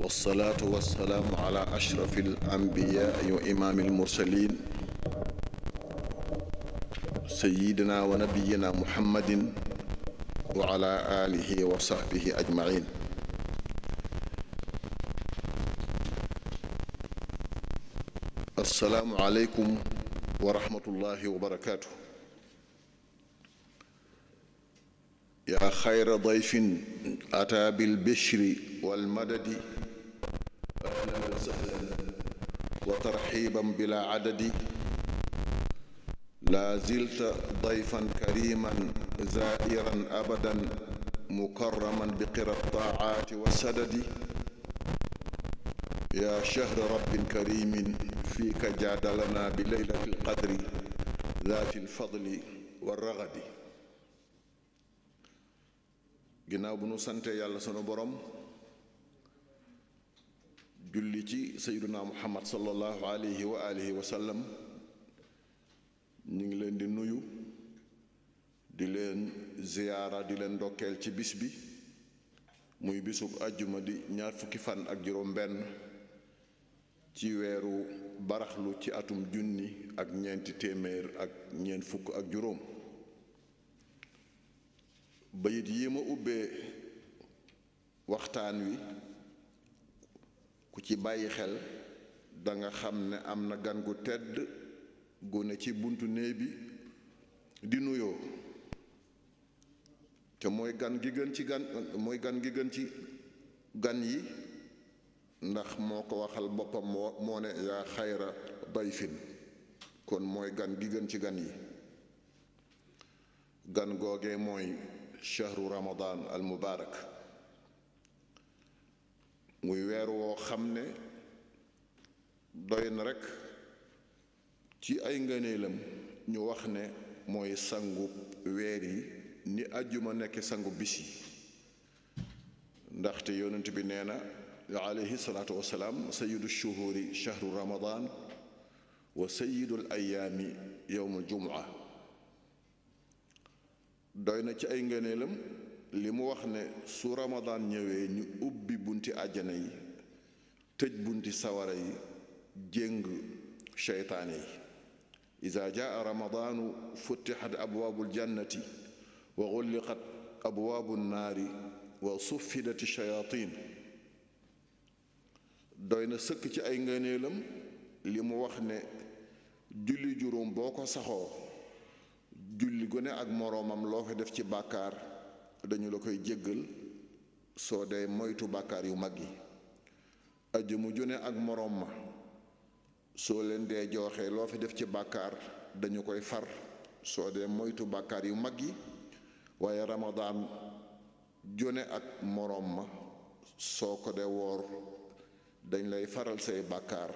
والصلاة والسلام على أشرف الأنبياء وإمام المرسلين سيدنا ونبينا محمد وعلى آله وصحبه أجمعين السلام عليكم ورحمة الله وبركاته يا خير ضيف أتى بالبشر والمدد وسهلا وترحيبا بلا عدد لا زلت ضيفا كريما زائرا أبدا مكرما بقرى الطاعات والسدد يا شهر رب كريم فيك جادلنا بليلة القدر ذات الفضل والرغد ginnaaw bu nu sante yàlla sunu borom julli ci sayyiduna muhammad sallallahu alayhi wa alihi wa sallam ñu ngi leen di nuyu di leen ziyaara di leen ndokkeel ci bis bi muy bisub àjjuma di ñaar fukki fan ak juróom benn ci weeru baraxlu ci atum junni ak ñeenti téeméer ak ñeent fukk ak juróom bayit yi ma ubbee waxtaan wi ku ci bàyyi xel da nga xam ne am na gan gu tedd gu ne ci buntu néeg bi di nuyoo te mooy gan gi gën ci gan yi ndax moo ko waxal boppam moo moo ne yaa xayra dayfin kon mooy gan gi gën ci gan yi gan googee mooy shahru ramadan al mubarak muy weer woo xam ne doy na rekk ci ay ngëneelam ñu wax ne mooy sangu weer yi ni àjjuma nekk sangu bis yi ndaxte yonent bi nee na alayhi salaatu wasalaam sayidu shuhuri shahru ramadan wa sayidul ayaami yowmul jumua doy na ci ay ngëneelam li mu wax ne su ramadaan ñëwee ñu ubbi bunti àjjana yi tëj bunti sawara yi jéng sheytaane yi ida jaa ramadaanu futtixat abwaabu ljannati wa xulliqat abwaabu nnaari wa suffidati shayaatin doy na sëkk ci ay ngëneelam li mu wax ne julli juróom boo ko saxoo julli gone ak moroomam loo ko def ci bàkkaar dañu la koy jëggal soo dee moytu bàkkaar yu mag yi aju mu june ak moroom ma soo leen dee jooxee loo fi def ci bàkkaar dañu koy far soo dee moytu bàkkaar yu mag yi waaye ramadaan jone ak moroom ma soo ko de woor dañ lay faral say bàkkaar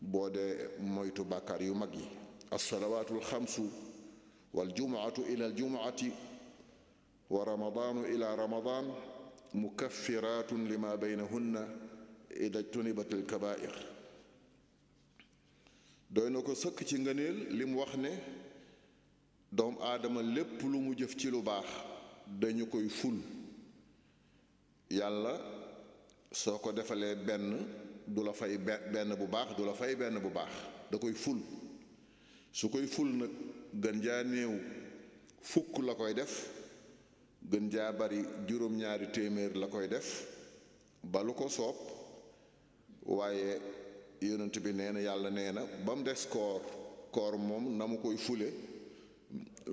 boo dee moytu bàkkaar yu mag yi assalawaatul xamsu wal jumuatu ila al jumuati wa ramadaanu ila ramadaan mukaffiratun lima baynahunna ida jtunibat alkabair doy na ko sëkk ci ngëneel li wax ne doom aadama lépp lu mu jëf ci lu baax dañu koy ful yàlla soo ko defalee benn du benn bu baax du la fay benn bu baax da koy ful su koy ful nag gën jaa néew fukk la koy def gën jaa bari juróom-ñaari téeméer la koy def ba lu ko soob waaye yonent bi nee yàlla nee na ba des koor koor moom na mu koy fule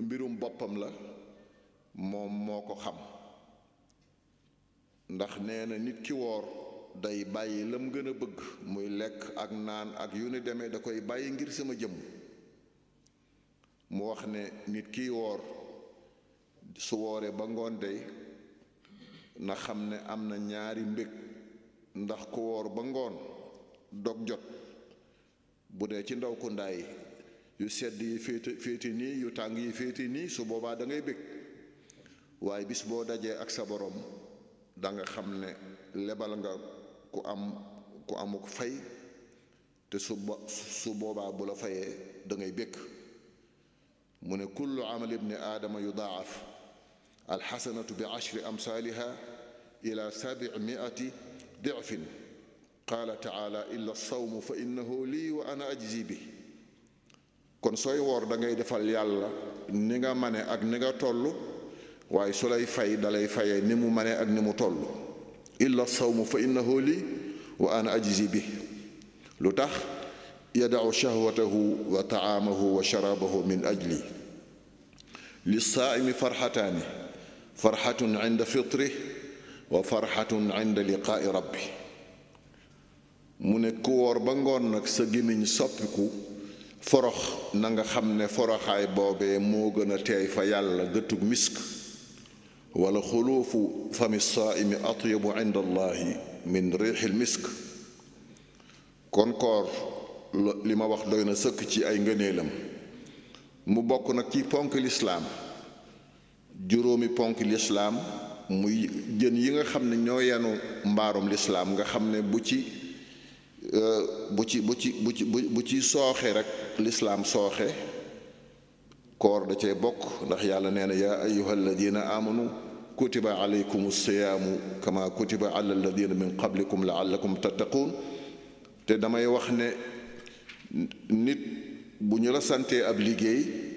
mbirum boppam la moom moo ko xam ndax neena nit ki woor day bàyyi mu gën a bëgg muy lekk ak naan ak yu ni demee da koy bàyyi ngir sama jëm mu wax ne nit kiy woor su wooree ba ngoon dey na xam ne am na ñaari mbég ndax ku woor ba ngoon dog jot bu dee ci ndaw ku ndaay yu sedd yi féete féete nii yu tàng yi féete nii su boobaa dangay ngay bég waaye bis boo dajee ak sa boroom danga xam ne lebal nga ku am ku amuk fay te su boobaa bu la fayee dangay ngay bég mu ne kullu amal ibni aadama yu yudaaf alxasanatu bi ashri amsaaliha ila sabimiati dicfin qaala taala illa sawmu fa innahu lii wa ana ajzi bi kon sooy woor da ngay defal yàlla ninga nga mane ak ni nga toll waaye su fay dalay fay ni mu mane ak ni mu toll illa sawmu fa innahu lii wa ana ajzi bi lu tax yadacu shahwatahu wa tacaamahu wa sharaabahu min ajli lisaaimi farxataani farxatun inda fitri wa farxatun inda liqaai rabbi mu ne ku woor ba ngoon nag sa gémmiñ soppiku forox na nga xam ne foroxaay boobee moo gën a teey fa yàlla gëttug misk wala xuluufu fami saaimi atyabu inda misk kon koor li ma wax doy na sëkk ci ay ngëneelam mu bokk nag ci ponk lislaam juróomi ponk lislaam muy jën yi nga xam ne ñoo yanu mbaarum lislaam nga xam ne bu ci euh, bu ci bu ci bu ci bu ci sooxe rek lislaam sooxe koor da cee bokk ndax yàlla nee na yaa ayuha alladina amanu kutiba alaykum siyaamu kama kutiba ala alladina min qablikum laallakum tattaquun te damay wax ne nit bu ñu la santee ab liggéey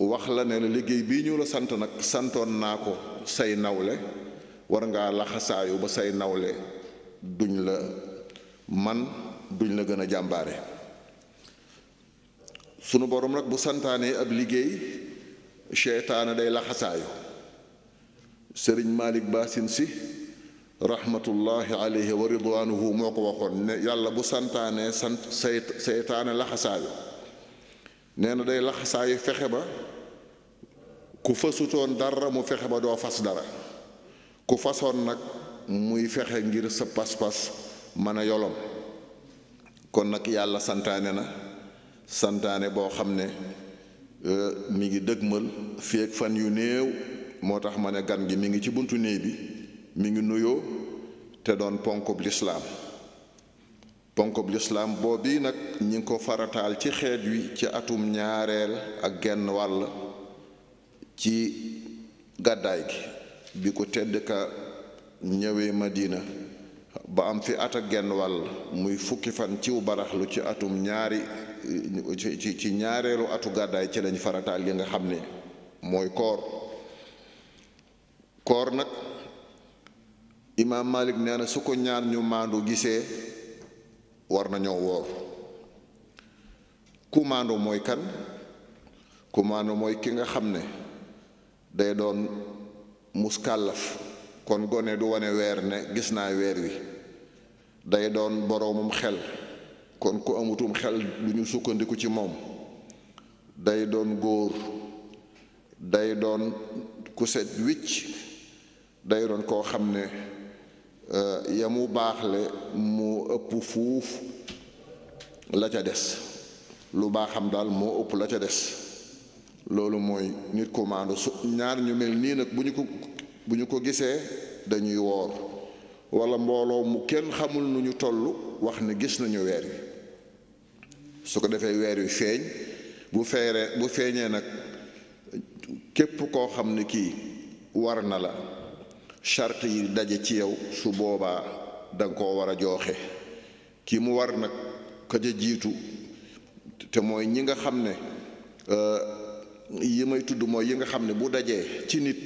wax la ne la liggéey bii ñu la sant nag santoon naa ko say nawle war ngaa laxasaayu ba say nawle duñ la man duñ la gën a jàmbaare sunu borom nag bu santaanee ab liggéey seytaane day laxasaayu sëriñ Malik Basin si rahmatullahi alayhi wa ridwanuhu moo ko waxoon yàlla bu santaanee sant seytaane laxasaayu nee na day laxasaayu fexe ba ku fasutoon dara mu fexe ba doo fas dara ku fasoon nag muy fexe ngir sa pas-pas mën a yolom kon nag yàlla santaane na santaane boo xam ne euh, mi ngi dëgmal fii ak fan yu néew moo tax ma ne gan gi mi ngi ci buntu néeg bi mi ngi nuyoo te doon ponk ponkub lislaam ponkub lislaam boobii nag ñi ngi ko farataal ci xeet wi ci atum ñaareel ak genn wàll ci gàddaay gi bi ko tedd ka ñëwee Madina ba am fi at ak genn wàll muy fukki fan ciw baraxlu ci atum ñaari ci ñaareelu atu gàddaay ci lañ farataal yi nga xam ne mooy koor koor nag imaam Malik nee na su ko ñaar ñu maandu gisee war nañoo woor ku maandu mooy kan ku maandu mooy ki nga xam ne day doon muskàllaf kon gone du wane weer ne gis naa weer wi day doon boroomum xel kon ku amutum xel lu ñu sukkandiku ci moom day doon góor day doon ku set wicc day doon koo xam ne eh, yamu baax baaxle mu ëpp fuuf la ca des lu baaxam daal moo ëpp la ca des loolu mooy nit ku maandu su ñaar ñu mel nii nag bu ñu ko bu ñu ko gisee dañuy woor wala mbooloo mu kenn xamul nu ñu toll wax ne gis nañu weer wi su ko defee weer yi feeñ bu feeree bu feeñee nag képp koo xam ne kii war na la charte yi daje ci yow su boobaa danga koo war a jooxe kii mu war nag ka jiitu te mooy ñi nga xam ne euh, yi may tudd mooy yi nga xam ne bu dajee ci nit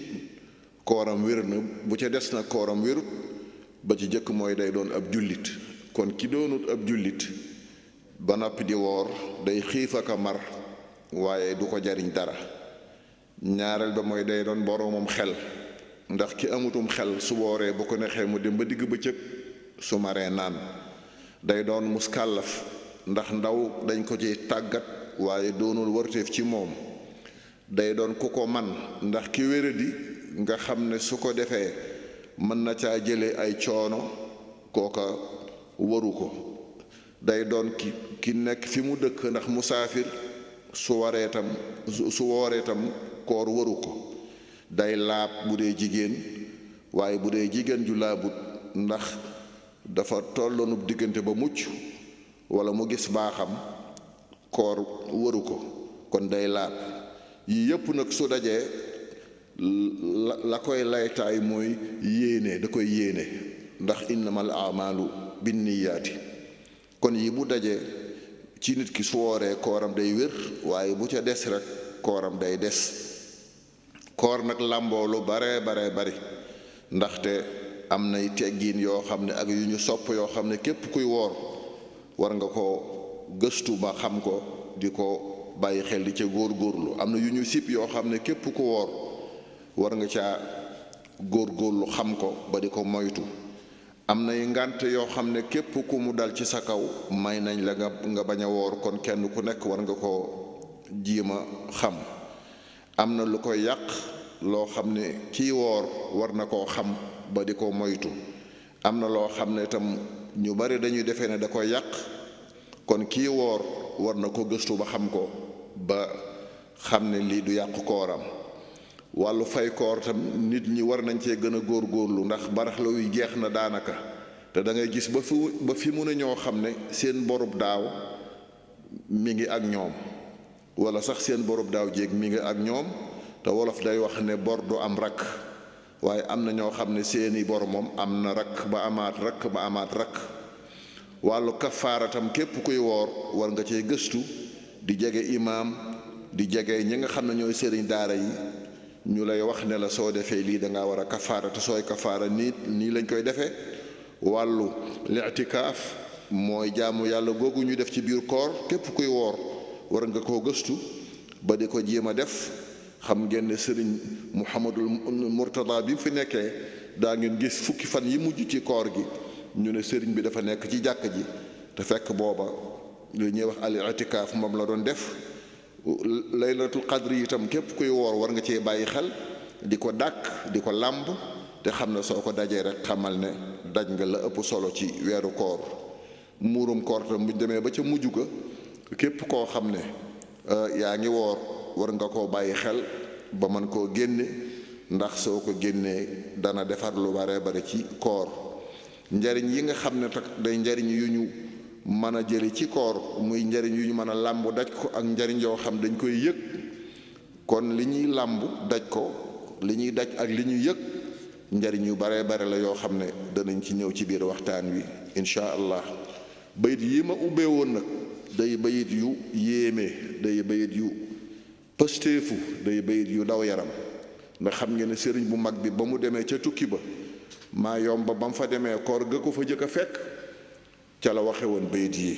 kooram wér na bu ca des nag kooram wérut ba ci jëkk mooy day doon ab jullit kon ki doonut ab jullit ba noppi di woor day xiif ak a mar waaye du ko jariñ dara ñaareel ba mooy day doon boroomam xel ndax ki amutum xel su wooree bu ko nexee mu dem ba digg ba bëccëg su maree naan day doon muskàllaf ndax ndaw dañ ko ci tàggat waaye doonul warteef ci moom day doon ku ko man ndax ki wéradi nga xam ne su ko defee mën na caa jële ay coono kooka waru ko day doon ki ki nekk fi mu dëkk ndax musaafir su waree tam su wooree tam koor waru ko day laab bu dee jigéen waaye bu dee jigéen ju laabut ndax dafa tolloonub diggante ba mucc wala mu gis baaxam koor waru ko kon day laab yii yëpp nag su dajee la koy laytaay mooy yéene da koy yéene ndax innamal amalu binniyaati kon yi bu dajee ci nit ki su wooree kooram day wér waaye bu ca des rek kooram day des koor nag làmboo lu baree baree bari ndaxte am nay teggiin yoo xam ne ak yu ñu sopp yoo xam ne képp kuy woor war nga ko gëstu ba xam ko di ko bàyyi xel di ca góorgóorlu am na yu ñu sip yoo xam ne képp ku woor war nga caa góorgóorlu xam ko ba ko moytu am nay ngànt yoo xam ne képp ku mu dal ci sa kaw may nañ la nga nga bañ a woor kon kenn ku nekk war nga ko jéem a xam am na lu koy yàq loo xam ne kii woor war na koo xam ba di ko moytu am na loo xam ne itam ñu bari dañuy defee ne da koy yàq kon kii woor war na ko gëstu ba xam ko ba xam ne lii du yàqu kooram wàllu fay koor tam nit ñi war nañ cee gën a góor góorlu ndax baraxla wuy jeex na daanaka te da ngay gis ba fi ba fi mu ne ñoo xam ne seen borub daaw mi ngi ak ñoom wala sax seen borub daaw jéeg mi ngi ak ñoom te wolof day wax ne bor du am rakk waaye am na ñoo xam ne seeni bor moom am na rakk ba amaat rakk ba amaat rakk wàllu kafaaratam képp kuy woor war nga cee gëstu di jege imaam di jege ñi nga xam ne ñooy sëriñ daara yi ñu lay wax ne la soo defee lii da ngaa war a kafaara te sooy kafaara nii nii lañ koy defee wàllu litikaaf mooy jaamu yàlla googu ñu def ci biir koor képp kuy woor war nga koo gëstu ba di ko jéem a def xam ngeen sëriñ Muhammadul Murtada bi mu fi nekkee daa ngeen gis fukki fan yi mujj ci koor gi ñu ne sëriñ bi dafa nekk ci jàkk ji te fekk booba lu ñuy wax al itikaaf moom la doon def laylatul qadri itam képp kuy woor war nga cee bàyyi xel di ko dàkk di ko làmb te xam ne soo ko dajee rek xamal ne daj nga la ëpp solo ci weeru koor muurum koor tam buñ demee ba ca mujj ga képp koo xam ne euh, yaa ngi woor war nga koo bàyyi xel ba mën koo génne ndax soo ko génnee dana defar lu bare bare ci koor njariñ yi nga xam ne tak day njariñ yu ñu mën a jëli ci koor muy njariñ yu ñu mën a làmb daj ko ak njariñ yoo xam dañ koy yëg kon li ñuy làmb daj ko li ñuy daj ak li ñuy yëg njariñ yu bare bare la yoo xam ne danañ ci ñëw ci biir waxtaan wi incha allah bayit yi ma ubbee woon nag day bayit yu yéeme day bayit yu pësteefu day bayit yu daw yaram nga xam ngeen ne sëriñ bu mag bi ba mu demee ca tukki ba maa yomba ba mu fa demee koor ga ko fa jëkk a fekk ca la waxe woon bayit yi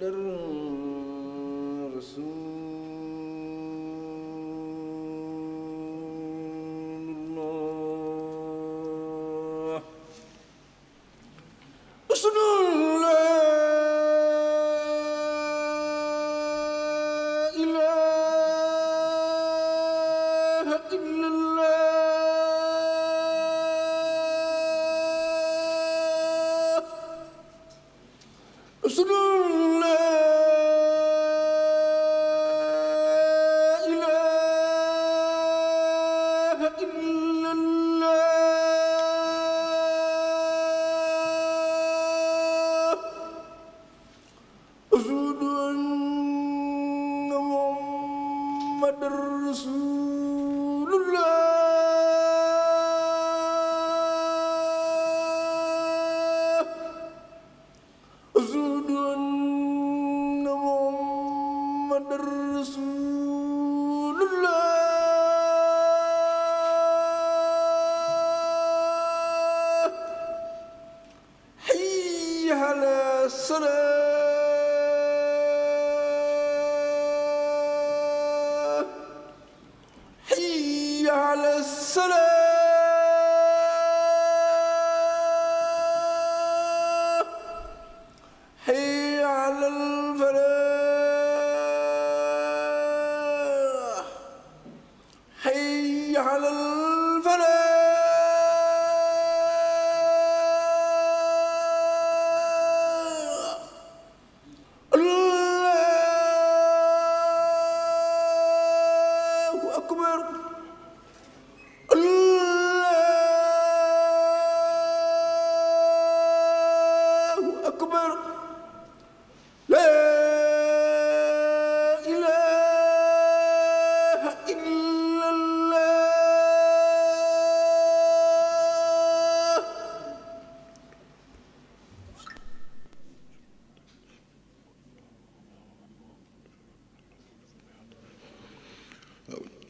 محمد رسول الله أشهد Absolutely.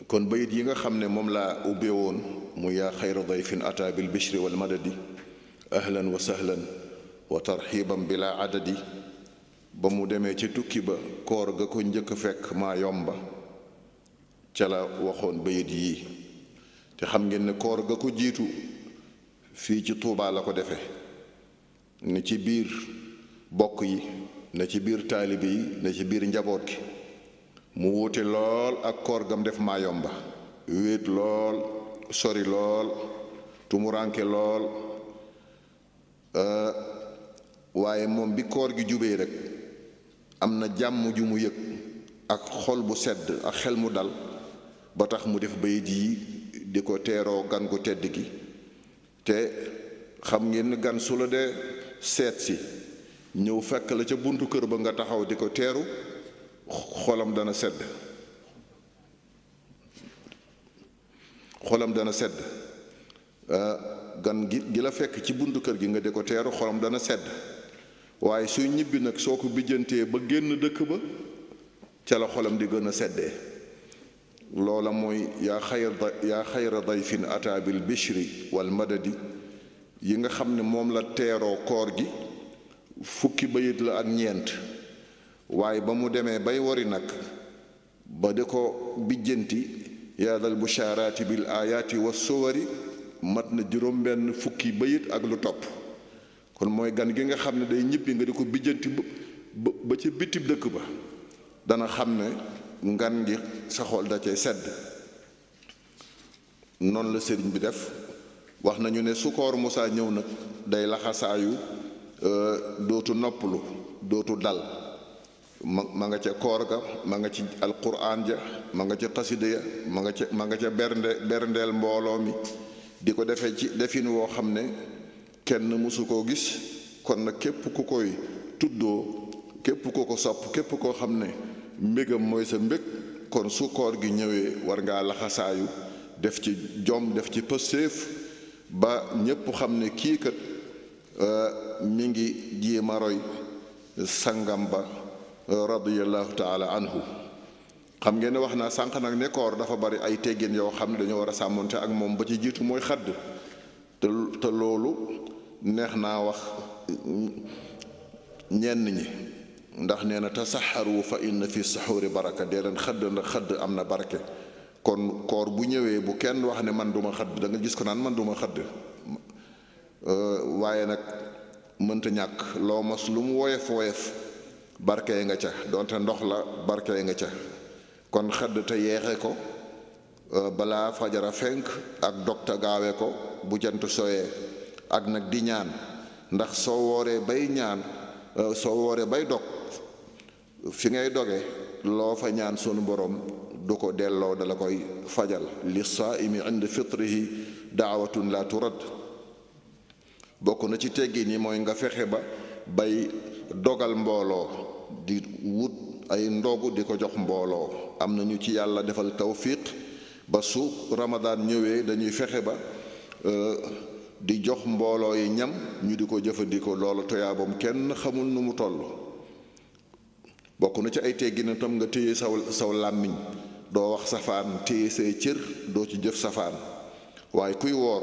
kon bayit yi nga xam ne moom laa ubbee woon mu yaa xayra dayfin fin bil bishri wal madadi ahlan wa sahlan wa tarxiban bila adadi ba mu demee ci tukki ba koor ga ko njëkk fekk ma yomba ca la waxoon bayit yii te xam ngeen ne koor ga ko jiitu fii ci Tuubaa la ko defe ne ci biir bokk yi ne ci biir taalibe yi ne ci biir njaboot gi mu wuute lool ak koor gam def maa yomba wéet lool sori lool tumuraanke lool waaye moom bi koor gi jubee rek am na jàmm ju mu yëg ak xol bu sedd ak xel mu dal ba tax mu def bayit yi di ko teeroo gan gu tedd gi te xam ngeen gan su la dee seet si ñëw fekk la ca buntu kër ba nga taxaw di ko teeru xolam dana sedd xolam dana sedd ah, gan gi gi la fekk ci buntu kër gi nga di ko teeru xolam dana sedd waaye suy ñibbi nag soo ko bijjantee ba génn dëkk ba ca la xolam di gën a seddee loola mooy yaa xayra yaa xayra dayfin ataabil bishri wal madadi yi nga xam ne moom la teeroo koor gi fukki ba yit la ak ñeent waaye ba mu demee bay wori nag ba di ko bijjanti yaadal bushaaraati bil aayaati wa suwari mat na juróom benn fukki bayit ak lu topp kon mooy gan gi nga xam ne day ñibbi nga di ko bijjanti ba ci biti dëkk ba dana xam ne ngan gi sa xol da cay sedd noonu la sëriñ bi def wax nañu ne su Musaa ñëw nag day laxasaayu euh, dootu noppalu dootu dal ma ma nga ca koor ga ma nga ci alquran ja ma nga ca xasida ya ma nga ca ma nga ca bernde berndeel mbooloo mi di ko defee ci defin woo xam ne kenn mësu koo gis kon nag képp ku koy tuddoo képp ku ko sopp képp koo xam ne mbégam mooy sa mbég kon su koor gi ñëwee war ngaa laxasaayu def ci jom def ci pëstéef ba ñépp xam ne kii kat euh, mi ngi jéema roy sangam ba radiyallahu taala xam ngeen ne wax naa sànq nag ne koor dafa bari ay teggin yoo xam ne dañoo war a sàmmoon te ak moom ba ci jiitu mooy xadd te loolu neex naa wax ñenn ñi ndax nee na tasaxaru fa inna fi saxuuri baraka dee leen xëdd ndax xëdd am na barke kon koor bu ñëwee bu kenn wax ne man duma xëdd danga gis ko naan man duma xëdd waaye nag mënta ñàkk loo mos lu mu woyof woyof barkee nga ca donte ndox la barkee nga ca kon xedd te yeexe ko euh, balaa fajara fenk ak dog gaawe ko bu jant sooyee ak nag di ñaan ndax soo wooree bay ñaan euh, soo wooree bay dog fi ngay doge loo fa ñaan sunu borom du ko delloo dala koy fajal li saaimi ind fitrihi daawatun la turad bokk na ci teggin yi mooy nga fexe ba bay dogal mbooloo di wut ay ndogu di ko jox mbooloo am na ñu ci yàlla defal tawfiq ba su ramadaan ñëwee dañuy fexe ba euh, di jox mbooloo yi ñam ñu di ko jëfandikoo loola toyaabam kenn xamul nu mu toll bokk na ci ay teggin tom nga téye saw saw làmmiñ doo wax safaan téye say cër doo ci jëf safaan waaye kuy woor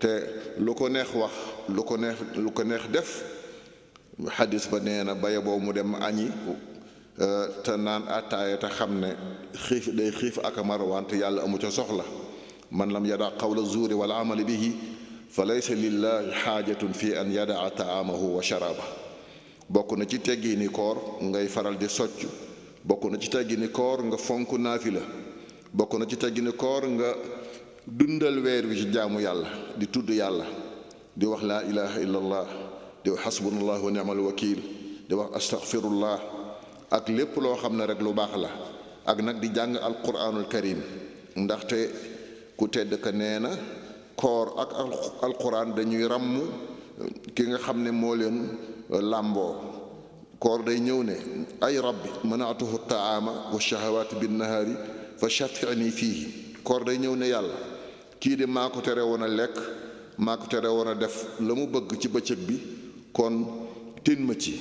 te lu ko neex wax lu ko neex lu ko neex def xadis ba nee na baya boobu mu dem añi te naan attaaya xam ne xiif day xiif ak a yàlla amu ca soxla man la lam yadaa qawla zuuri wal amali bihi fa laysa lillahi xaajatu fi an yadaa taamahu wa sharaaba bokk na ci teggi koor ngay faral di socc bokk na ci teggi ni koor nga fonk naafila bokk na ci teggi ni koor nga dundal weer wi ci jaamu yàlla di tudd yàlla di wax laa ilaha illallah di wax xasbunallah wa ni'mal ak lépp loo xam ne rek lu baax la ak nag di jàng alquranul karim ndaxte ku tedd ka nee na koor ak alquran dañuy ràmm ki nga xam ne moo leen làmboo koor day ñëw ne ay rabbi manaatuhu taama wa shahawaati bin nahaari fa shafi'ni fiihi koor day ñëw ne yàlla kii de maa ko tere woon a lekk maa ko tere woon a def la mu bëgg ci bëccëg bi kon tin ma ci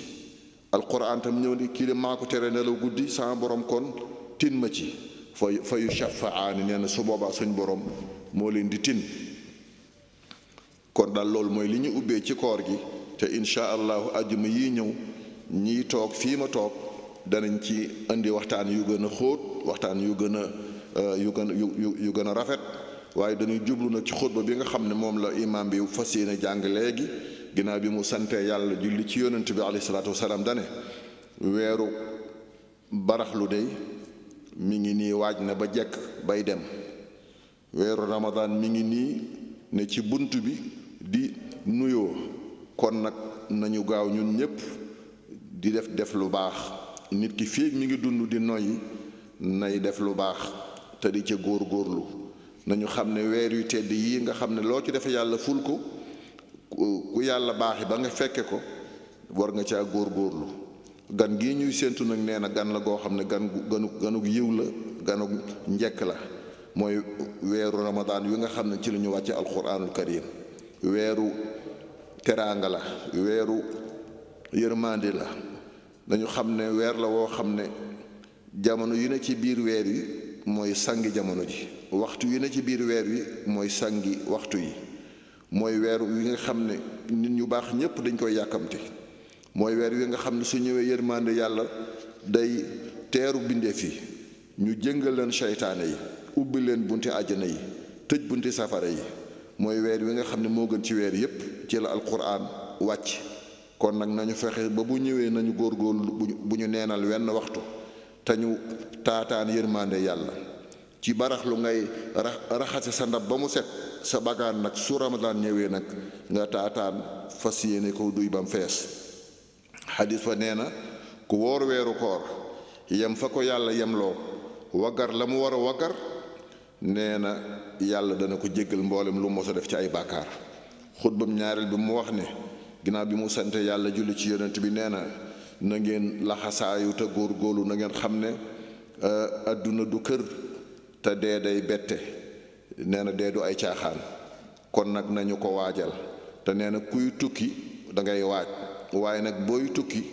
alquran tam ñëw ni kii de maa ko tere nelaw guddi saa borom kon tin ma ci fa fa yu shafaaani na su boobaa suñ borom moo leen di tin kon daal loolu mooy li ñu ubbee ci koor gi te incha allahu ajuma yii ñëw ñiy toog fii ma toog danañ ci indi waxtaan yu gën a xóot waxtaan yu gën a euh, yu gën a yu gën a rafet waaye dañuy jublu nag ci xutba bi nga xam ne moom la imaam bi fas yéene jàng léegi ginnaaw bi mu santee yàlla julli ci yonent bi alayhi salaatu wasalaam dane weeru baraxlu dey mi ngi nii waaj na ba jekk bay dem weeru ramadaan mi ngi nii ne ci bunt bi di nuyoo kon nag nañu gaaw ñun ñépp di def def lu baax nit ki fii mu ngi dund di noyyi nay def lu baax te di ca góor góorlu nañu xam ne weer yu tedd yii nga xam ne loo ci defe yàlla ful ko ku yàlla baaxi ba nga fekke ko war nga góor góorlu gan gi ñuy séentu nag nee na gan la goo xam ne gan ganu ganug yiw la ganug njekk la mooy weeru ramadaan wi nga xam ne ci la ñu wàcce alquranul karim weeru teraanga la weeru yërmande la dañu xam ne weer la woo xam ne jamono yu ne ci biir weer yi mooy sangi jamono ji waxtu yu ne ci biir weer wi mooy sangi waxtu yi mooy weer wi nga xam ne nit ñu baax ñépp dañ koy yàkkamti mooy weer wi nga xam ne su ñëwee yërmande yàlla day teeru bindeef yi ñu jëngal leen seytaane yi ubbi leen bunti àjjana yi tëj bunti safara yi mooy weer wi nga xam ne moo gën ci weer yépp ci la alquran wàcc kon nag nañu fexe ba bu ñëwee nañu góor góorgóorlu bu ñu neenal wenn waxtu te ñu taataan yërmande yàlla ci baraxlu ngay raxase sa ndab ba mu set sa bagaan nag su ramadaan ñëwee nag nga taataan fas yéene ko duy bam fees xadis fa nee na ku woor weeru koor yem fa ko yàlla yemloo waggar la mu war a waggar nee na yàlla dana ko jéggal mboolem lu mos a def ci ay bàkkaar xutbam ñaareel bi mu wax ne ginaar bi mu sante yàlla julli ci yonent bi nee na ngeen laxasaayu te góorgóorlu na ngeen xam ne euh, adduna du kër te dee day bette nee na dee du ay caaxaan kon nag nañu ko waajal te nee na kuy tukki da ngay waaj waaye nag booy tukki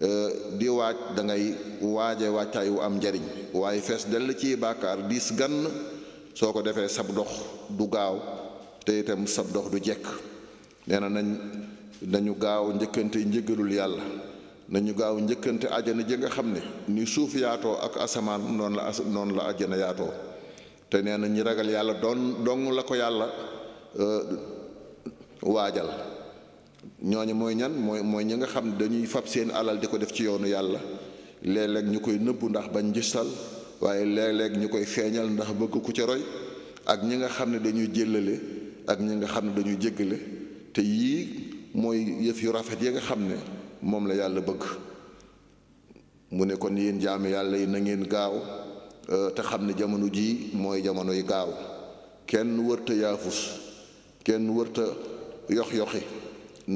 euh, di waaj dangay waaje waajtaay wu am njariñ waaye fees dell ci bàkkaar diis gann soo ko defee sab dox du gaaw te itam sab dox du jekk nee na nañ nañu gaaw njëkkante njëgalul yàlla nañu gaaw njëkkante àjjana ji nga xam ne ni suuf yaatoo ak asamaan noonu la as noonu yaatoo te nee na ñi ragal yàlla doon dong la ko yàlla euh, waajal ñooñu mooy ñan mooy mooy ñi nga xam ne dañuy fab seen alal di ko def ci yoonu yàlla léeg ñu koy nëbbu ndax bañ gisal waaye léeg-léeg ñu koy feeñal ndax bëgg ku ci roy ak ñi nga xam ne dañuy jëllale ak ñi nga xam ne dañuy jéggale te yii mooy yëf yu rafet yi nga xam ne moom la yàlla bëgg mu ne kon yéen jaami yàlla yi na ngeen gaaw Euh, te xam ne jamono jii mooy jamono yi gaaw kenn wërta yaafus kenn wërta yox-yoxi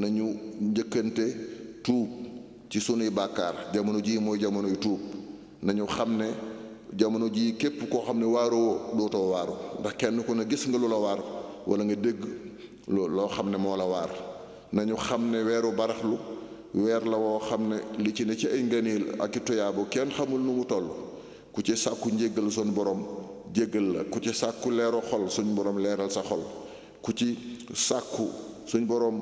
nañu njëkkante tuub ci sunuy bàkkaar jamono ji mooy jamono yu tuub nañu xam ne jamono jii képp koo xam ne waaroo dootoo waaru ndax kenn ku ne gis nga lu la waar wala nga dégg loo xam ne moo la waar nañu xam ne weeru baraxlu weer la woo xam ne li ci ne ci ay ngëneel ak i tuyaabu kenn xamul nu mu toll ku ci sàkku njéggal suñ borom jéggal la ku ci sàkku leeru xol suñ borom leeral sa xol ku ci sàkku suñ borom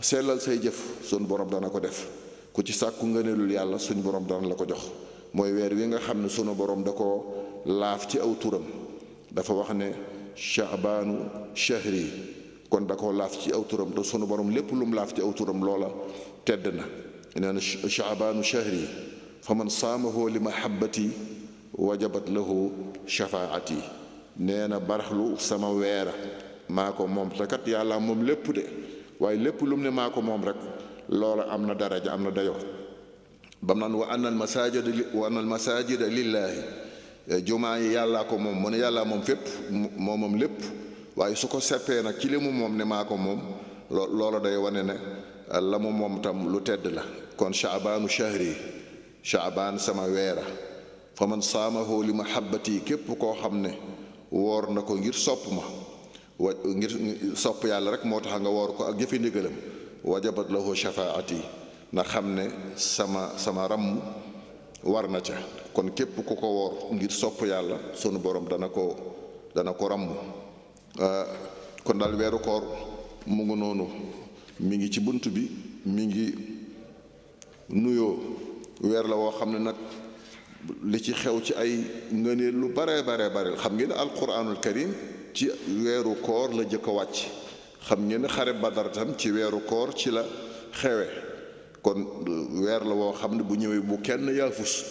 sellal say jëf suñ borom dana ko def ku ci sàkku ngëneelul yàlla suñ borom dana la ko jox mooy weer wi nga xam ne sunu borom da koo laaf ci aw turam dafa wax ne shaabaanu shahri kon da ko laaf ci aw turam te sunu borom lépp lu mu laaf ci aw turam loola tedd na nee shaabaanu shahri fa man saamahu li mahabbati wajabat lahu shafaati nee na baraxlu sama weera maa ko moom te yàlla moom lépp de waaye lépp lu mu ne maa ko moom rek loola am na daraja am na dayoo bam naan wa anna al masajida wa anna al masajida lillaahi jumaa yi yàllaa ko moom mu ne yàllaa moom fépp moo moom lépp waaye su ko seppee nag ci li moom ne maa ko moom loola day wane ne la mu moom tam lu tedd la kon shaabaanu shahri chaabaan sama weera fa man saamahu li mahabbati képp koo xam ne woor na ko ngir sopp ma wa ngir sopp yàlla rek moo tax nga woor ko ak jëfe ndigalam wajabat lahu shafaati na xam ne sama sama ràmm war na ca kon képp ku ko woor ngir sopp yàlla sunu boroom dana ko dana ko ràmm euh, kon daal weeru koor mu ngi noonu mi ngi ci bunt bi mi ngi nuyoo weer la woo xam ne nag li ci xew ci ay ngëneel lu bare bare bare xam ngeen ne alquranul karim ci weeru koor la jëkk wàcc xam ngeen ne xare badar tam ci weeru koor ci la xewe kon weer la woo xam ne bu ñëwee bu kenn yaafus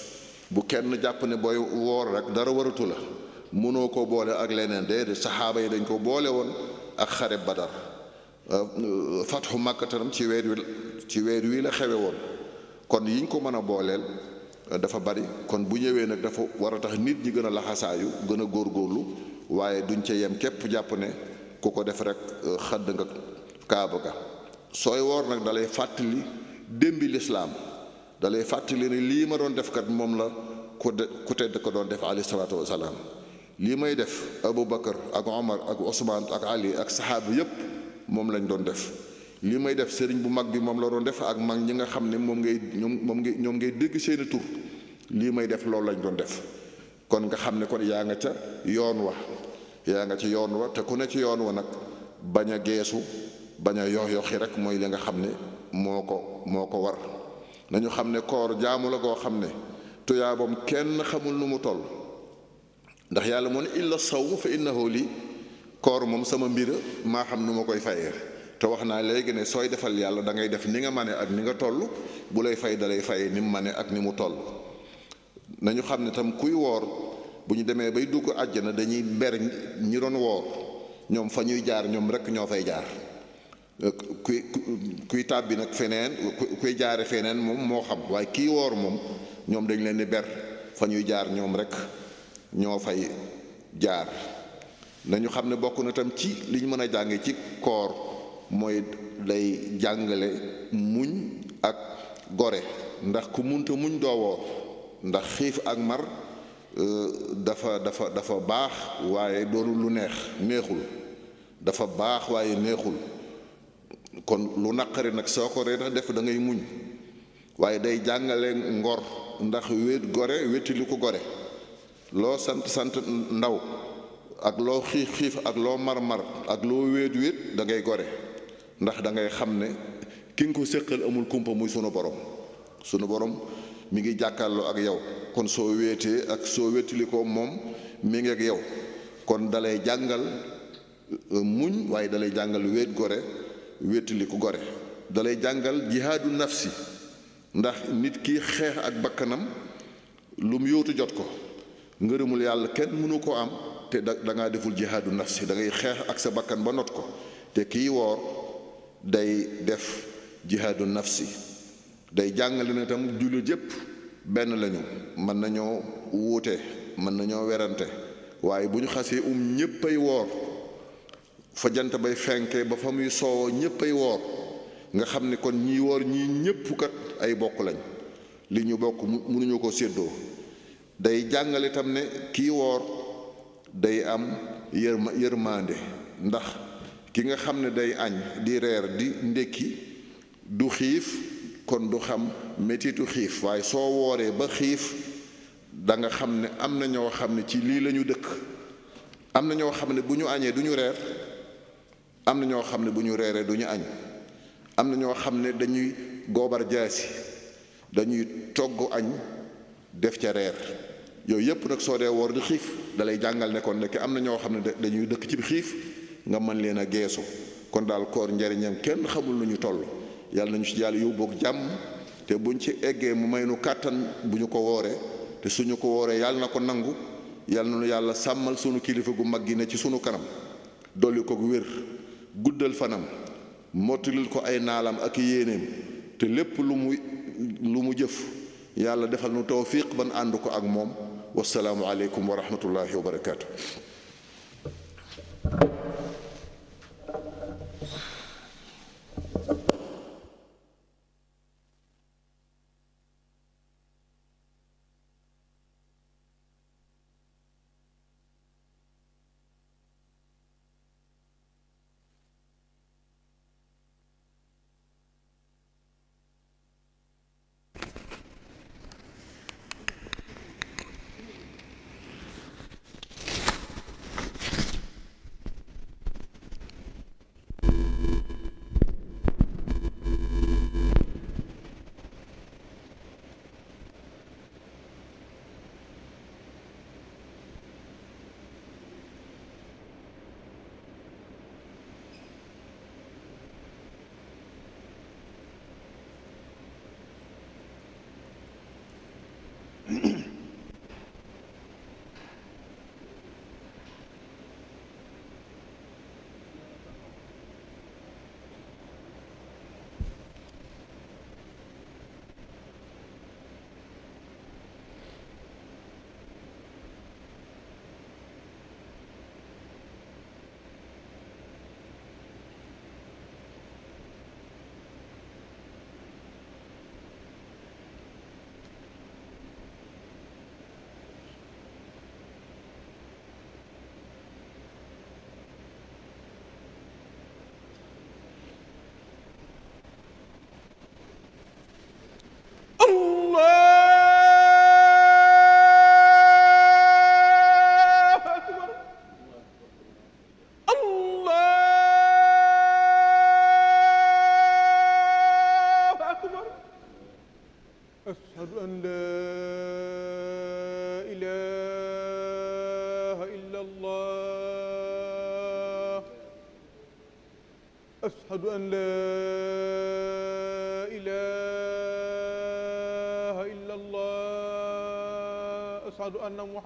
bu kenn jàpp ne booy woor rek dara waratu la mënoo ko boole ak leneen déedéet saxaaba yi dañ ko boole woon ak xare badar euh, fatxu màkkatanam ci weer ci weer wi la xewe woon kon yiñ ko mën a booleel euh, dafa bari kon bu ñëwee nag dafa war a tax nit ñi gën a laxasaayu gën a góor góorlu waaye duñ ca yem képp jàpp ne ku ko def rek euh, xadd nga kaaba ka sooy woor nag dalay fàttali démbi lislaam dalay fàttali ne lii ma doon defkat moom la ku de ku tedd ko doon def alayhi salaatu wasalaam lii may def Abu Bakar ak Omar ak Ousmane ak Ali ak saxaaba yépp moom lañ doon def lii may def sëriñ bu mag bi moom la doon def ak mag ñi nga xam ne moom ngay ñoom moom ngay ñoom ngay dégg seeni tur lii may def loolu lañ doon def kon nga xam ne kon yaa nga ca yoon wa yaa nga ci yoon wa te ci yoon wa nag bañ a geesu bañ a yox yoxi rek mooy li xam ne moo ko moo ko war xam ne koor jaamu la koo xam ne tuyaabam kenn xamul nu mu toll ndax yàlla moo ne illa saw fa innahu li koor moom sama mbir maa xam nu ma koy fayee te wax naa léegi ne sooy defal yàlla da ngay def ni nga mane ak ni nga toll bu lay fay dalay fay ni mu mane ak ni mu toll nañu xam ne tam kuy woor bu ñu demee bay dugg àjjana dañuy ber ñi doon woor ñoom fa ñuy jaar ñoom rek ñoo fay jaar euh, kuy kuy tàbbi nag feneen kuy jaare feneen moom moo xam waaye kii woor moom ñoom dañ leen di ber fa ñuy jaar ñoom rek ñoo fay jaar nañu xam ne bokk na tam ci li ñu mën a jànge ci koor mooy day jàngale muñ ak gore ndax ku munta muñ doowoo ndax xiif ak mar euh, dafa dafa dafa baax waaye doonul lu neex neexul dafa baax waaye neexul kon lu naqari nag soo ko ree def da ngay muñ waaye day jàngale ngor ndax wéet gore wéttili ko gore loo sant sant ndaw ak loo xiif xiif ak loo mar mar ak loo wéet wéet da ngay gore ndax dangay xam ne ki nga ko séqal amul kumpa muy sunu borom sunu borom mi ngi jàkkaarloo ak yow kon soo wéetee ak soo wéetilikoo moom mi ngi ak yow kon dalay jàngal euh, muñ waaye dalay jàngal wéet gore wéetiliku gore dalay jàngal jihaadu nafsi ndax nit ki xeex ak bakkanam lu mu yóotu jot ko ngërëmul yàlla kenn mënu ko am te da da deful jihaadu nafsi da ngay xeex ak sa bakkan ba not ko te kii woor day def jihaadu nafsi day jàngale ne tam jullit yépp benn lañu mën nañoo wuute mën nañoo werante waaye bu ñu xasee um ñéppay woor fa jant bay fenke ba fa muy soowoo ñéppay woor nga xam ni kon ñii woor ñii ñépp kat ay bokk lañ li ñu bokk mënuñu ko séddoo day jàngale tam ne kii woor day am yërma yërmaande ndax ki nga xam ne day añ di reer di ndékki du xiif kon du xam metitu xiif waaye soo wooree ba xiif da nga xam ne am na ñoo xam ne ci lii la ñu dëkk am na ñoo xam ne bu ñu añee du ñu reer am na ñoo xam ne bu ñu reeree du ñu añ am na ñoo xam ne dañuy goobar jaasi dañuy togg añ def ca reer yooyu yépp nag soo dee woor di xiif dalay jàngal ne kon am na ñoo xam ne dañuy dëkk ci xiif nga mën leen a geesu kon daal koor njariñam kenn xamul lu ñu toll yàlla nañu ci yàlla yóbbu ak jàmm te buñ ci eggee mu may nu kàttan bu ñu ko wooree te suñu ko wooree yàlla na ko nangu yàlla na nu yàlla sàmmal sunu kilifa gu mag gi ne ci sunu kanam dolli ko wér guddal fanam mottalil ko ay naalam ak yéeneem te lépp lu mu lu mu jëf yàlla defal nu tawfiq ban ànd ko ak moom wasalaamu aleykum wa rahmatullahi wa barakaatu.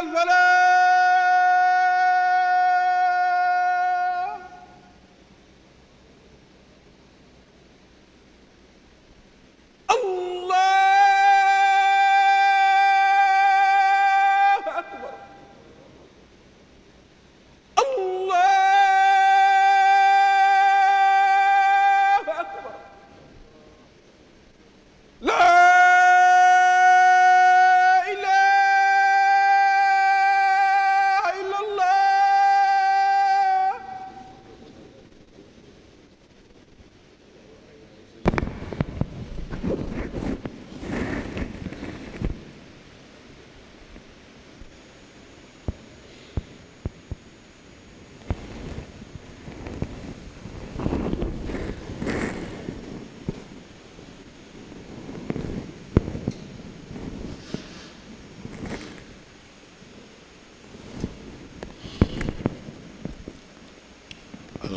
الفلاح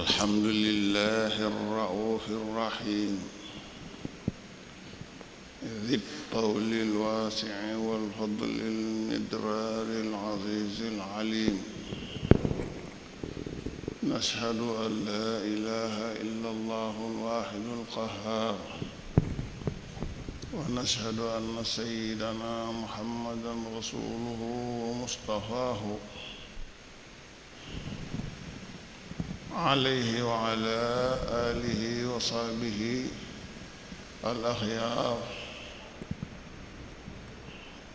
الحمد لله الرؤوف الرحيم ذي الطول الواسع والفضل المدرار العزيز العليم نشهد أن لا إله إلا الله الواحد القهار ونشهد أن سيدنا محمدا رسوله ومصطفاه alayhi wa ala alihi wa sahbihi al axyaar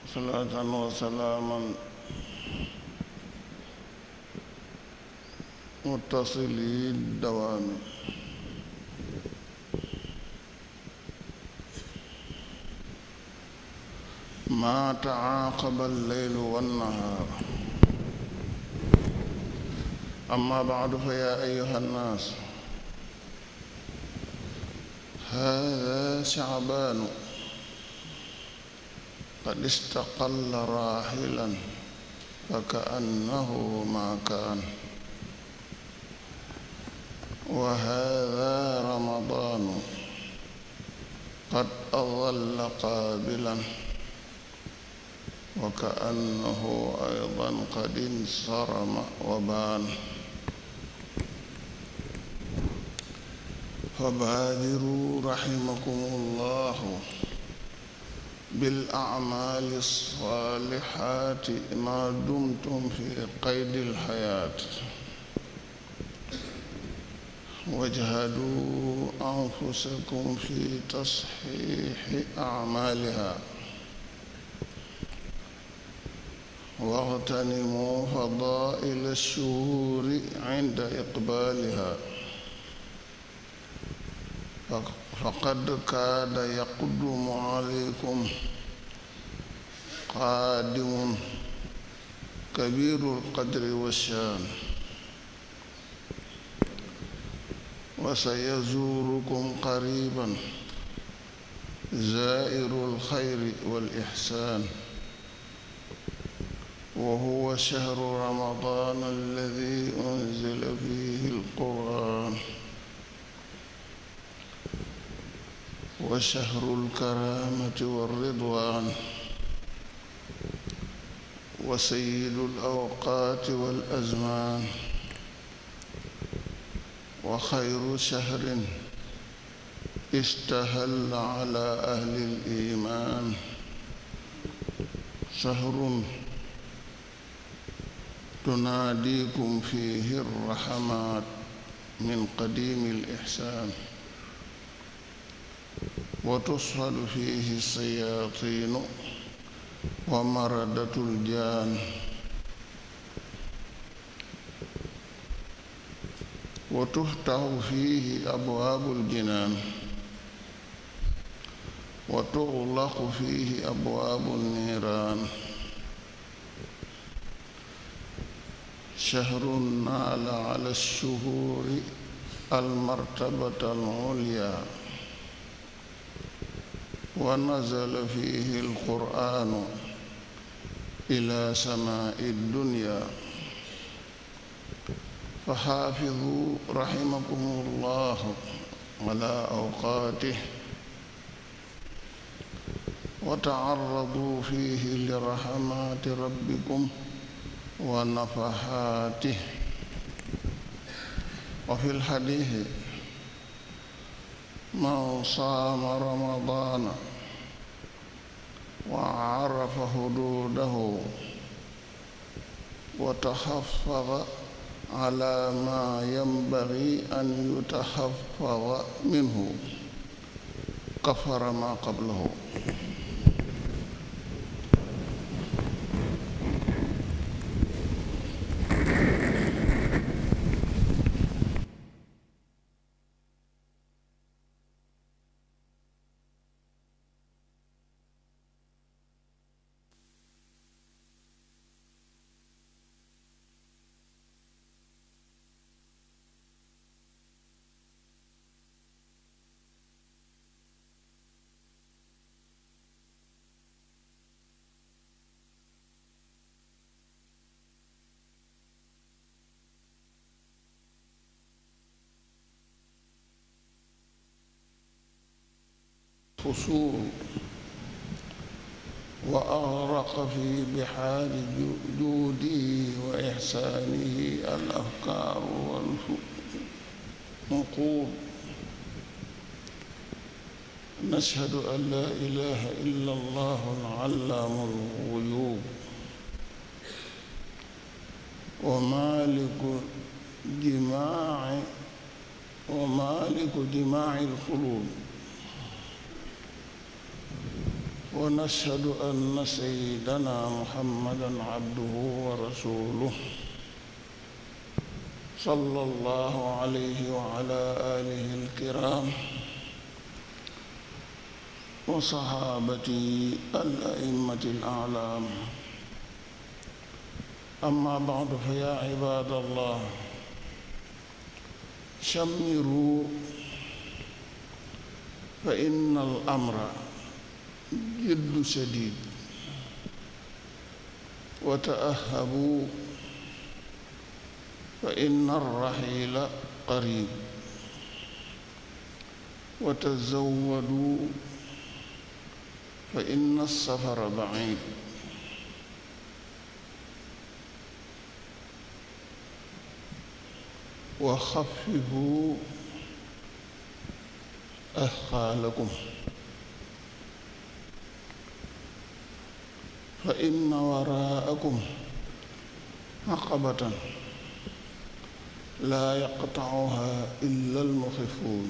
salaatan wa salaaman muttasili dawaami maa taaqaba alleylu wannahaar أما بعد فيا أيها الناس هذا شعبان قد استقل راحلا فكأنه ما كان وهذا رمضان قد أظل قابلا وكأنه أيضا قد انصرم وبان fa baadiru raximakumullahu bil acmaali saalixaati maa dumtum fi qaydil xayaat wajhadu anfusakum fi tasxiixi acmaaliha waqtanimu fadaa'ila shuhuuri cinda iqbaaliha faqad kaada yaqudumu aleykum qaadimun kabiirul qadri washaan wa sayazuurukum qariiban zaa'irul xayri wal ixsaan وهو شهر رمضان الذي أنزل فيه القرآن wa shahrul karaamati war ridwaan wa sayyidul awqaati wal azmaan wa xayru shahrin istahal ala ahlil iimaan shahrun tunaadiikum fiihi rahmaat min qadiimil ihsaan وتصهد فيه الشياطين ومردة الجان وتفتح فيه أبواب الجنان وتغلق فيه أبواب النيران شهر نال على الشهور المرتبة العليا ونزل فيه القرآن إلى سماء الدنيا فحافظوا رحمكم الله على أوقاته وتعرضوا فيه لرحمات ربكم ونفحاته وفي الحديث من صام رمضان وعرف حدوده وتحفظ على ما ينبغي أن يتحفظ منه كفر ما قبله الفصول وأغرق في بحار جوده وإحسانه الأفكار والنقوب نشهد أن لا إله إلا الله العلام الغيوب ومالك دماع ومالك دماع القلوب ونشهد أن سيدنا محمدا عبده ورسوله صلى الله عليه وعلى آله الكرام وصحابته الأئمة الأعلام أما بعد فيا عباد الله شمروا فإن الأمر الجد شديد وتأهبوا فإن الرحيل قريب وتزودوا فإن السفر بعيد وخففوا أثقالكم fa inna waraakum aqabatan laa yaqtauha illa almuxifuun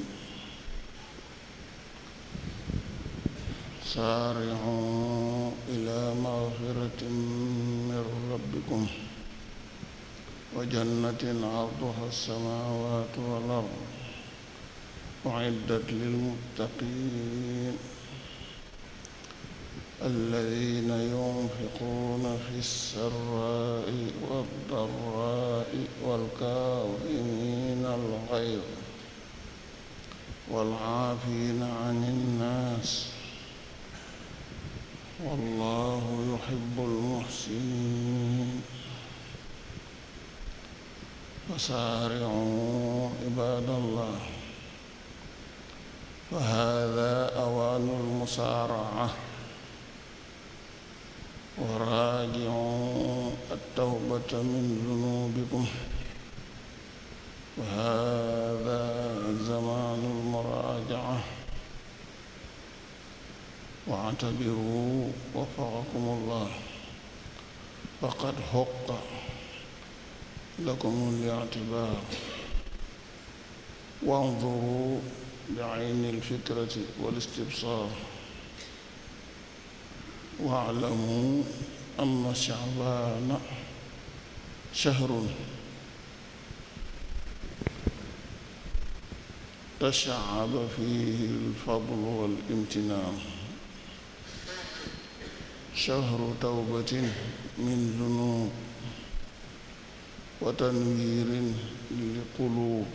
saaricu ila magfiratin min rabbikum wa jannatin arduha alsamaawaatu wal ard uciddat lilmuttaqiin الذين ينفقون في السراء والضراء والكاظمين الغيظ والعافين عن الناس والله يحب المحسنين فسارعوا عباد الله فهذا أوان المسارعة وراجعوا التوبة من ذنوبكم وهذا زمان المراجعة واعتبروا وفقكم الله فقد حق لكم الاعتبار وانظروا بعين الفكرة والاستبصار واعلموا أن شعبان شهر تشعب فيه الفضل والامتنان شهر توبة من ذنوب وتنوير للقلوب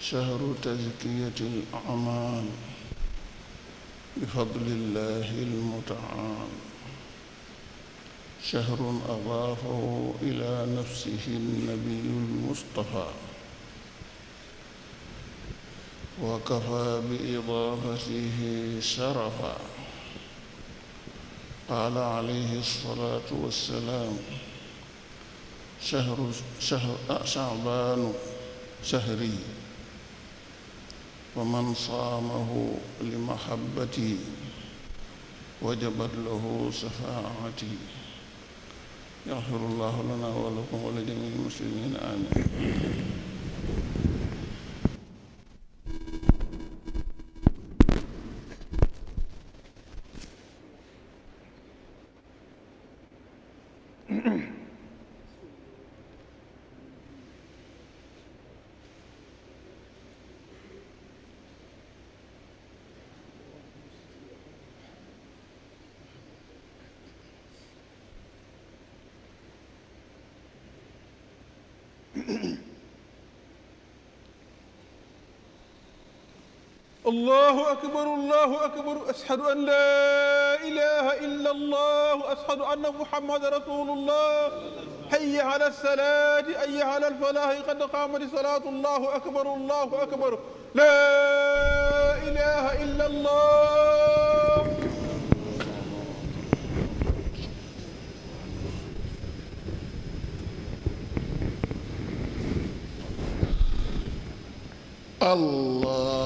شهر تزكية الأعمال bifadlillahi almutaal shahrun adaafahu ila nafsihi nabiyu almustafa wa kafa bi idaafatihi sharafa qaala alayhi salaatu wassalaam shahru shahru sha'baanu shahri wa man saamahu li mahabbati wajabat lahu safaati yaxfirullahu lana wa lakum wa li jamiil muslimin amin allahu akbar allahu akbar ashhadu an laa ilaha illa allah ashhadu anna muhammadan rasulullah hayya ala salaati hayya ala alfalahi qad qaamati salaatu allahu akbar allahu akbar laa ilaha illa allah allah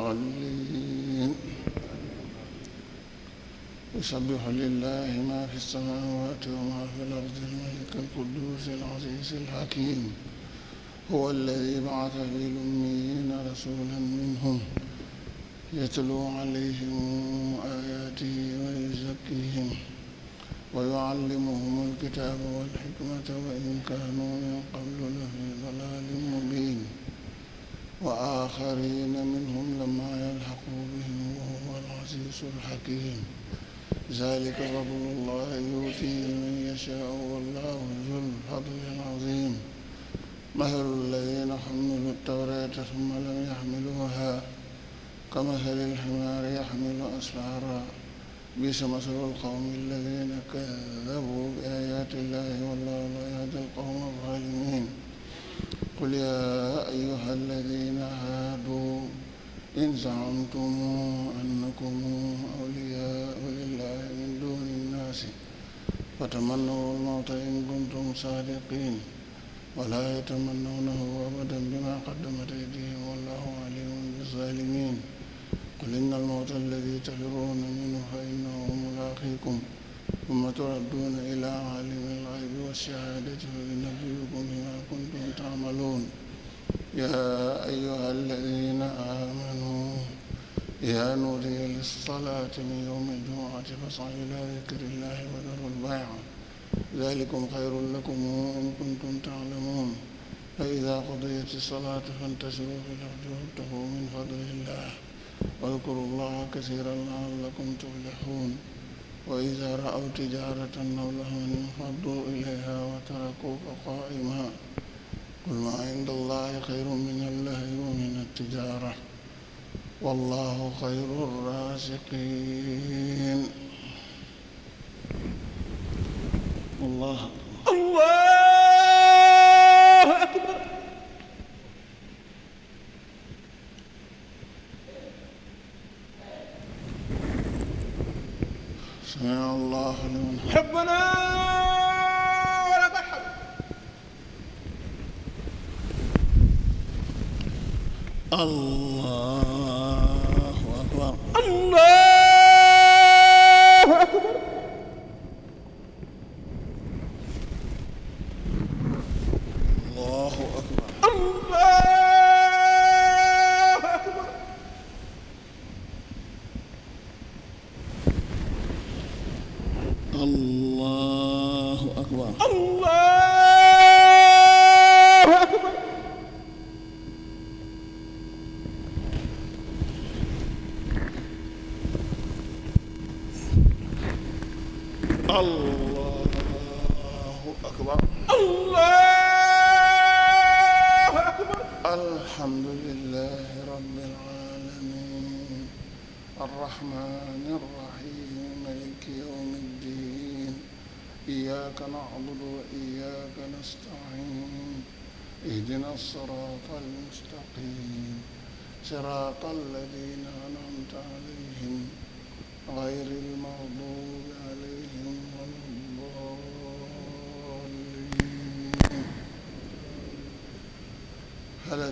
العليم يسبح لله ما في السماوات وما في الأرض الملك القدوس العزيز الحكيم هو الذي بعث في الأميين رسولا منهم يتلو عليهم آياته ويزكيهم ويعلمهم الكتاب والحكمة وإن كانوا من قبل لفي ضلال مبين وآخرين منهم لما يلحقوا بهم وهو العزيز الحكيم ذلك فضل الله يؤتيه من يشاء والله ذو الفضل العظيم مثل الذين حملوا التوراة ثم لم يحملوها كمثل الحمار يحمل أسفارا بئس مثل القوم الذين كذبوا بآيات الله والله لا يهدي القوم الظالمين قل يا أيها الذين هادوا إن زعمتم أنكم أولياء لله من دون الناس فتمنوا الموت إن كنتم صادقين ولا يتمنونه أبدا بما قدمت أيديهم والله عليم بالظالمين قل إن الموت الذي تفرون منه فإنه ملاقيكم وما تردون إلى عالم الغيب والشهادة فينبئكم بما كنتم تعملون يا أيها الذين آمنوا يا نودي للصلاة من يوم الجمعة فاسعوا إلى ذكر الله وذروا البيع ذلكم خير لكم إن كنتم تعلمون فإذا قضيت الصلاة فانتشروا في الأرض وابتغوا من فضل الله واذكروا الله كثيرا لعلكم تفلحون وإذا رأوا تجارة أو لهوا انفضوا إليها وتركوك قائما قل ما عند الله خير من اللهو ومن التجارة والله خير الرازقين الله الله سمع الله لمن حبنا ولك الحمد الله أكبر الله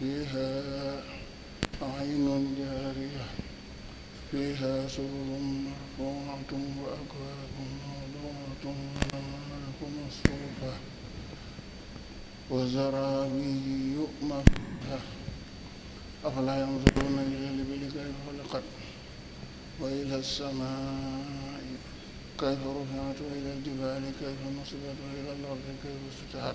فيها عين جارية فيها سرر مرفوعة وأكواب موضوعة ونمارق مصفوفة وزرابي مكتوبة أفلا ينظرون إلى الإبل كيف خلقت وإلى السماء كيف رفعت وإلى الجبال كيف نصبت وإلى الأرض كيف استتعت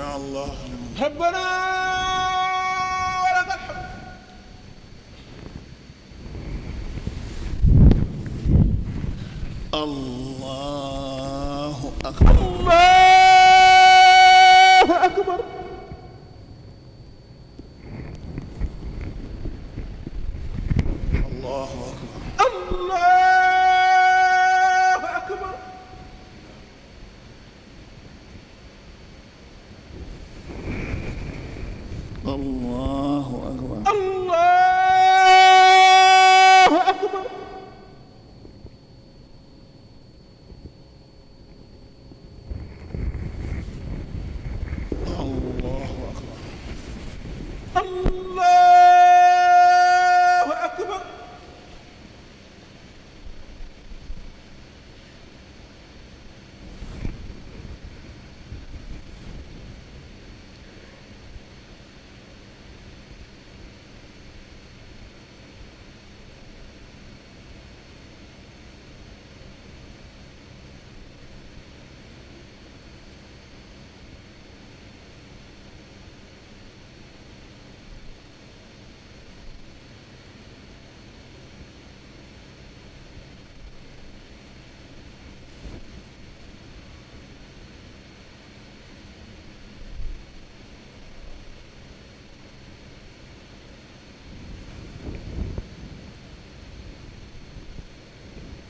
يا الله ربنا ولك الحمد الله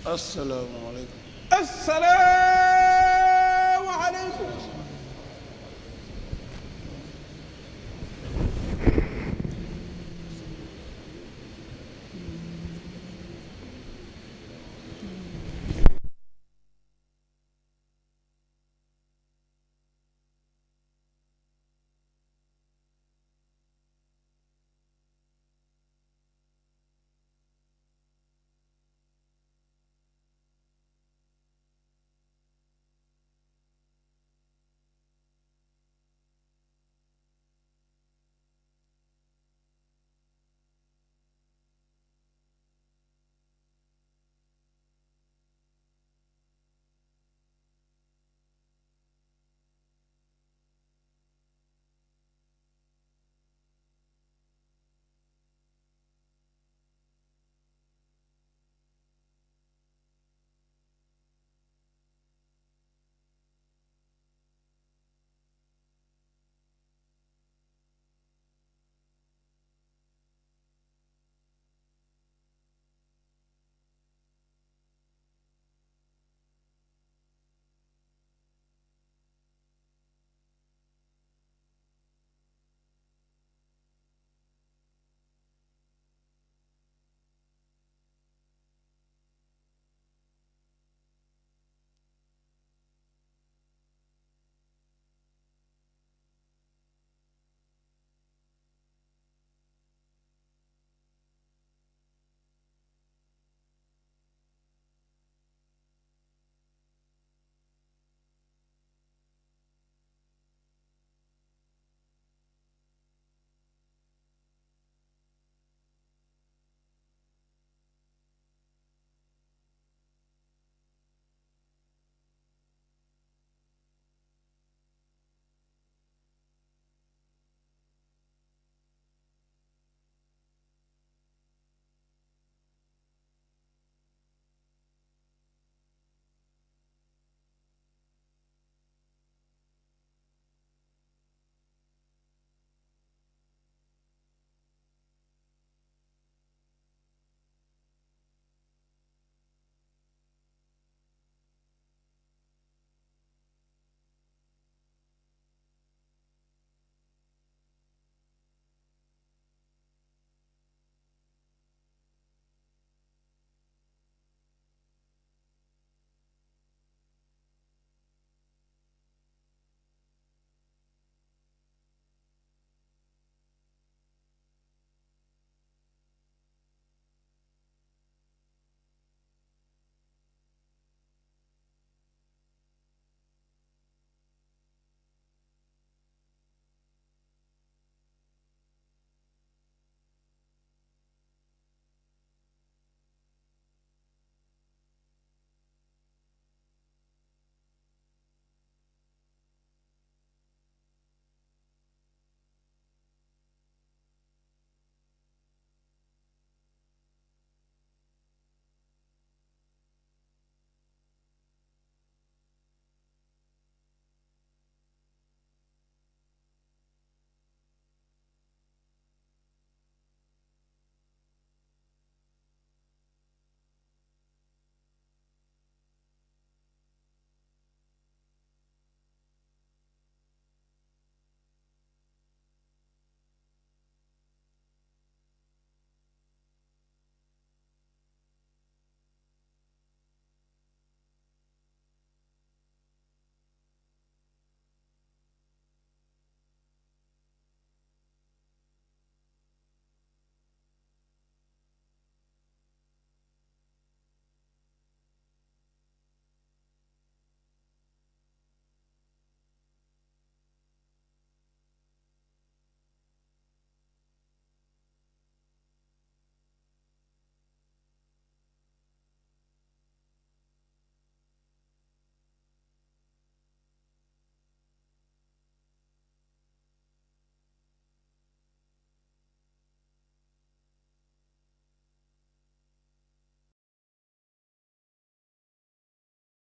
asalaamaaleykum. asalaam.